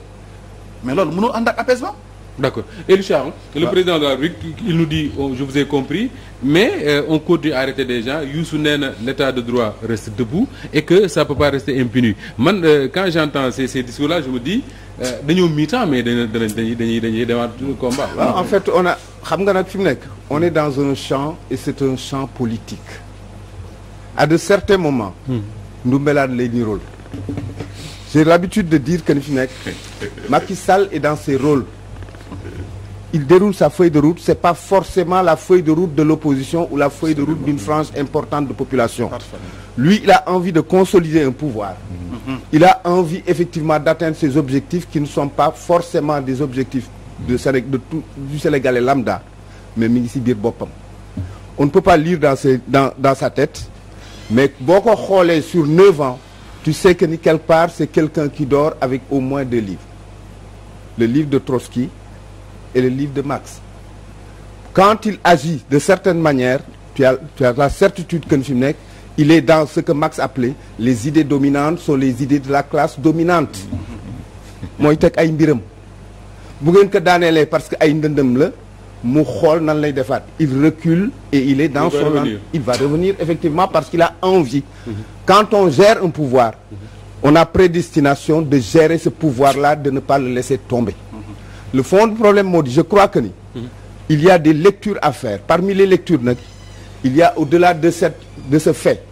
mais loolu mënul ànd ak apaisement. D'accord. Et Richard, le ah. président de la République, il nous dit, oh, je vous ai compris, mais euh, on continue arrêter des gens. Youssou Nène, l'état de droit reste debout et que ça ne peut pas rester impuni. Man, euh, quand j'entends ces, discours-là, je me dis, euh, dañoo mi-temps mais dañuy dañuy dañuy dañuy demaat combat. waaw en fait on a xam na nag fi mu nekk. on est dans un champ et c'est un champ politique. à de certains moments. Hmm. ndumbelaan lay nirool. j'ai l'habitude de dire que ni fi nekk Macky Sall est dans ses rôles. il déroule sa feuille de route c'est pas forcément la feuille de route de l'opposition ou la feuille de route d'une frange importante de population lui il a envie de consolider un pouvoir mm-hmm. il a envie effectivement d'atteindre ses objectifs qui ne sont pas forcément des objectifs de, de tout, du Sénégalais mais mi ngi ci biir boppam on ne peut pas lire dans ses, dans sa tête mais boo ko xoolee sur neuf ans tu sais que ni quelque part c'est quelqu'un qui dort avec au moins deux livres le livre de Trotsky et le livre de Marx quand il agit de certaines manières tu as tu as la certitude que fi mu nekk il est dans ce que Marx appelait les idées dominantes sont les idées de la classe dominante mooy teg ay mbiram bu ngeen ko daaneelee parce que ay ndëndëm la mu xool nan lay defaat il recule et il est dans il son an... il va revenir effectivement parce qu'il a envie quand on gère un pouvoir on a prédestination de gérer ce pouvoir-là de ne pas le laisser tomber le fond du problème moo di je crois que ni hmm. il y a des lectures à faire parmi les lectures nag il y a au-delà de cette de ce fait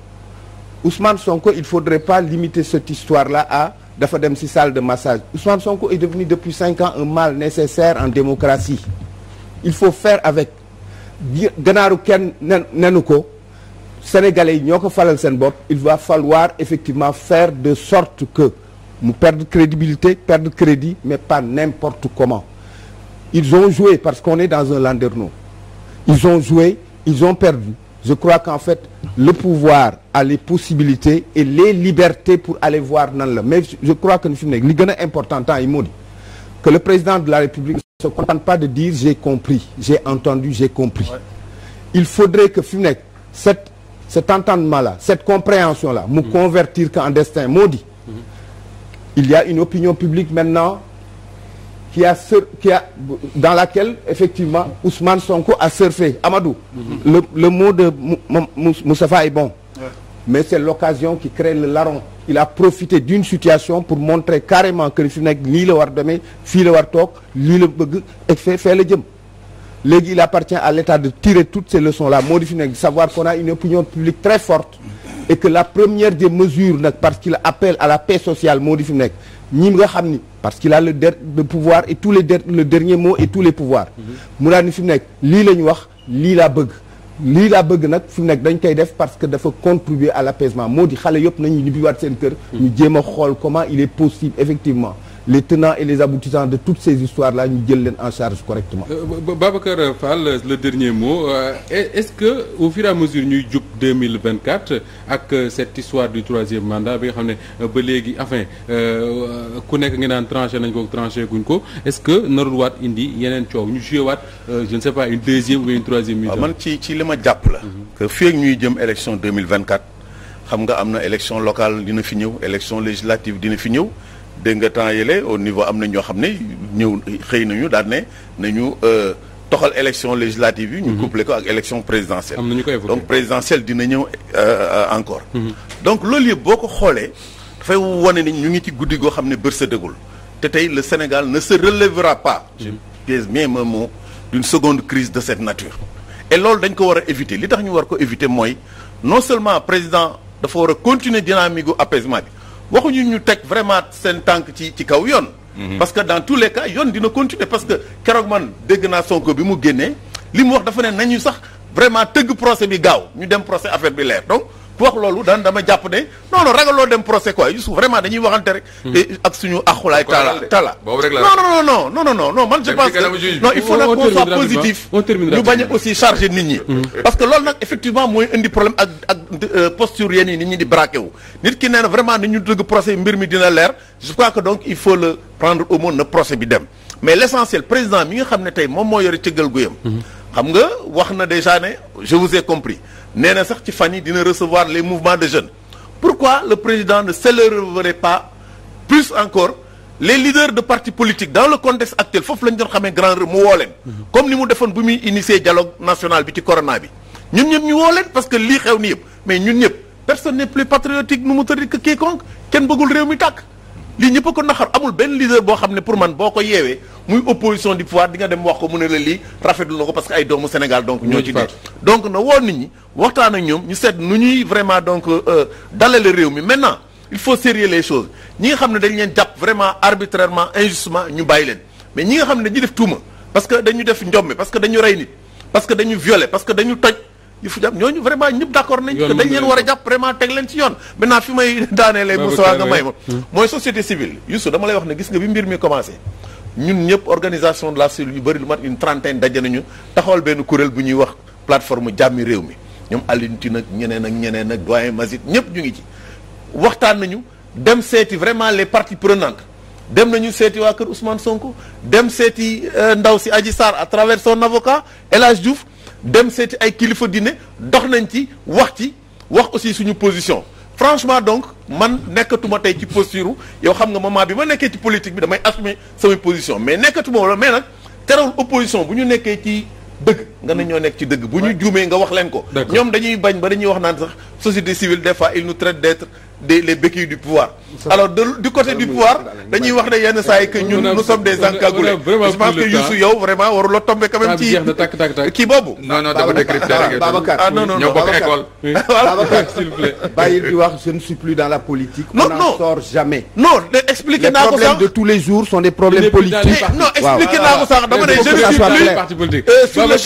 Ousmane Sonko il faudrait pas limiter cette histoire-là à dafa dem si salle de massage Ousmane Sonko est devenu depuis cinq ans un mal nécessaire en démocratie il faut faire avec ganaaru kenn nenu ko sénégalais yi ñoo ko falal seen bopp il va falloir effectivement faire de sorte que mu perdre crédibilité perdre crédit mais pas n'importe comment ils ont joué parce qu'on est dans un landerneau ils ont joué ils ont perdu je crois qu'en fait le pouvoir a les possibilités et les libertés pour aller voir nan la mais je crois que fi mu nekk li gën a important temps di que le président de la République ne se contente pas de dire j'ai compris j'ai entendu j'ai compris il faudrait que fi mu nekk cet cet entendement là cette compréhension là mu mmh. convertir qu'en destin moo di mm-hmm. il y a une opinion publique maintenant qui a sur qui a dans laquelle effectivement Ousmane Sonko a surfé Amadou. le le mot de Moustapha est bon. Ouais. mais c'est l'occasion qui crée le larron. il a profité d'une situation pour montrer carrément que fi nekk lii la war demee fii la war toog lii la bëgg et fee fee la jëm. léegi il appartient à l'État de tirer toutes ces leçons là moo di fi nekk savoir qu'on a une opinion publique très forte. et que la première des mesures nag parce qu'il appelle à la paix sociale moo di fi nekk ñi nga xam ni. parce que a le der le pouvoir et tous les der le dernier mot et tous les pouvoirs mhm. mu daal ni fi nekk lii la ñu wax lii laa bëgg lii laa bëgg nag fi mu nekk dañ koy def parce que dafa contribuer à l'apaisement moo di xale yëpp nañu ñibbiwaat seen kër mhm. ñu jéem a xool comment il est possible effectivement les tenants et les aboutissants de toutes ces histoires là ñu jël leen en charge correctement. Euh, Babacar Fall le dernier mot euh, est-ce que au fur et à mesure ñuy jub 2024 ak euh, cette histoire du troisième mandat bi nga xam ne ba léegi enfin ku nekk nga naan tranché nañ ko tranché guñ ko est-ce que narul waat indi yeneen coow ñu joué waat je ne sais pas une deuxième une troisième mi man ci ci li ma jàpp la. Mhm. que fii ak ñuy jëm élection 2024 xam nga am na élection locale dina fi ñëw élection législative dina fi ñëw. dégg nga temps yële au niveau am na ñoo xam ne ñëw xëy nañu daan ne nañu euh, toxal élection législative yi. ñu mhm. couplé ko ak élection présidentielle. am na ñu ko évoqué donc présidentielle dina ñëw euh, encore. Mhm. donc loolu yëpp boo ko xoolee dafay wane ni ñu ngi ci guddi goo xam ne bër sa dëggul te tey le Sénégal ne se relèvera pas. je mhm. pèse bien mon mot d'une seconde crise de cette nature. et loolu dañ ko war a éviter li tax ñu war ko éviter mooy non seulement président dafa war a continuer dynamique gu bi. waxuñu ñu teg vraiment seen tànk ci ci kaw yoon. Mhm. parce que dans tous les cas yoon dina continuer parce que keroog man dégg naa Sonko bi mu génnee li mu wax dafa ne nañu sax vraiment tëgg procès bi gaaw ñu dem procès affaire bi leer donc. wax loolu daan dama jàpp ne non non ragaloo dem procès quoi Youssouf vraiment dañuy waxante rek. Hmm. ak suñu axulaay. tala tala boobu rek la non non non il faut nag qu'on positif. ñu bañ aussi charger nit ñi. Hmm. parce que loolu nag effectivement mooy indi problème ak euh, posture yenn nit ñi di braqué nit ki nee na vraiment ni ñu dëgg procès mbir mi dina leer je crois que donc il faut le prendre au mot na procès bi dem mais l'essentiel président mi nga xam ne tey moom moo yore cëggal guyam. Hmm. xam nga wax na déjà ne je vous nee na sax ci fan yi dina recevoir les mouvements de jeunes pourquoi le président ne s'élèverait pas plus encore les leaders de partis politiques dans le contexte actuel foofu lañ doon xamee grand mu woo leen comme ni mu defoon bu muy initier dialogue national bi ci corona bi ñun ñëpp ñu woo leen parce que lii xew ni yëpp mais ñun ñëpp personne n'est plus patriotique nu mu tëdd quiconque kenn bëggul réew mi tàkk lii ñëpp a ko naxar amul benn leader boo xam ne pour man boo ko yeewee muy opposition di pouvoir di nga dem wax ko mu ne la lii rafetlu na ko parce que ay doomu Sénégal donc ñoo ci dee donc na woo nit ñi waxtaan ak ñoom ñu seet nu ñuy vraiment donc euh, euh, dalale réew mi maintenant il faut sérieux les choses ñi nga xam ne dañ leen jàpp vraiment arbitrairement injustement ñu bàyyi leen mais ñi nga xam ne dañuy def tuuma parce que dañu def njombe parce que dañu rey nit parce que dañu violer que dañu toj yëfu jàpp ñooñu vraiment ñëpp d'accord nañ que dañ leen war a jàpp vraiment teg leen ci yoon maintenant fi may daaneele Moussa nga may ma hmm. mooy société civile Youssou dama lay wax ne gis nga bi mbir mi commencé ñun ñëpp organisation de la cellule yu bëri lu mat une trentaine daje nañu taxawal benn kuréel bu ñuy wax plateforme jàmmi réew mi ñoom Alioune Tine ak ñeneen ak ñeneen ak doyen Mazit ñëpp ñu ngi ci waxtaan nañu dem seeti vraiment les parties prenantes dem nañ seeti waa kër Ousmane Sonko dem seeti euh, ndaw si Adji Sarr à travers son avocat El Hadj Diouf dem seeti ay kilifa dine dox nañ ci wax ci wax aussi suñu position franchement donc man nekkatuma tey ci posture yow xam nga moment bi ma nekkee ci politique bi damay assumer samay position mais nekkatuma wala mais nag terewul opposition bu ñu nekkee ci dëgg nga ne ñoo nekk ci dëgg bu ñu juumee nga wax leen ko ñoom dañuy bañ ba dañuy wax naan sax société civile des fois il nous traite d'être des les béquilles du pouvoir. alors de du côté du ah, pouvoir dañuy wax ne yenn que ñun nous sommes des encagoulés je pense que Youssou yow vraiment waruloo tomber quand même ah, ci kii boobu. non non dafa décrypté ah, di wax je ne suis plus dans la politique. non non on jamais. non de expliqué de tous les jours sont des problèmes politiques. Eh, non expliqué naa ko je ne suis plus euh, sur le.